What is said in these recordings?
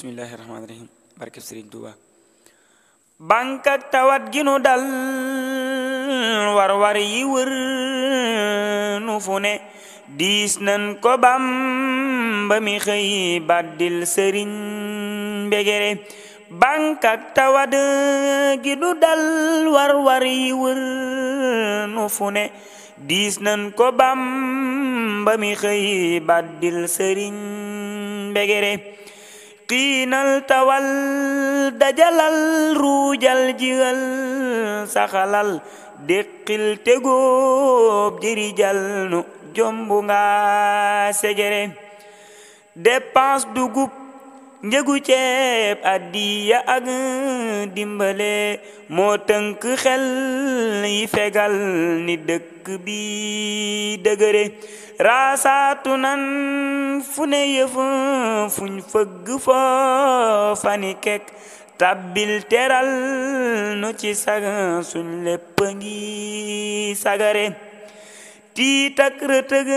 bismillahi tawat gi nu dal war war yi wër nu fu ne diis nan ko bam ba mi xëy baddil sëriñ mbegere bànkak tawat gi nu dal war war yi wër nu fu diis nan ko bam ba mi xëy baddil sëriñ mbegere qiinal tawal dajalal ruujal jigal saxalal déqil tegóob jirijal nu jombu nga segere dugub njëgu ceeb addiya ak dimbale moo tënk xel yi fegal ni dëkk bi dëgëre raasaatu nan fu ne yëf fuñ fëgg foofa ni kekk tabbil teral nu ci saga suñ lépp ngi sagare tiit ak rëtëg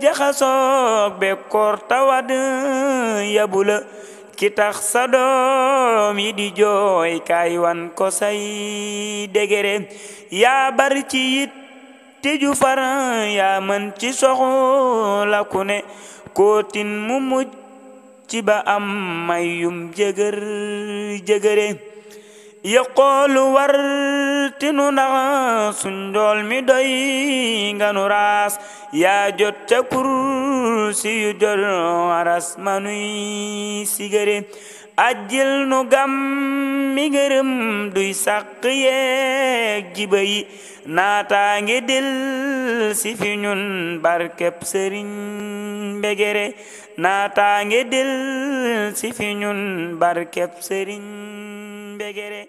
jaxasoog bekkoor tawad yabu la ki tax sa doom yi di jooy kaay wan ko say degere yaa bari ci it tiju far ya mën ci soxu la ku ne kootin mu mujj ci ba am mayum jëgër jëgëre yaqoolu wartinu naxa su njool mi doy nga nu raas yaa jot ca kursi yu jot waras manuy sigare ajjil nu gam mi ngërëm duy sàq yeeg jiba yi naataa ngi dil si fi ñun barkeb sëriñ mbegere naataa ngi dil si fi ñun barkeb sëriñ mbegere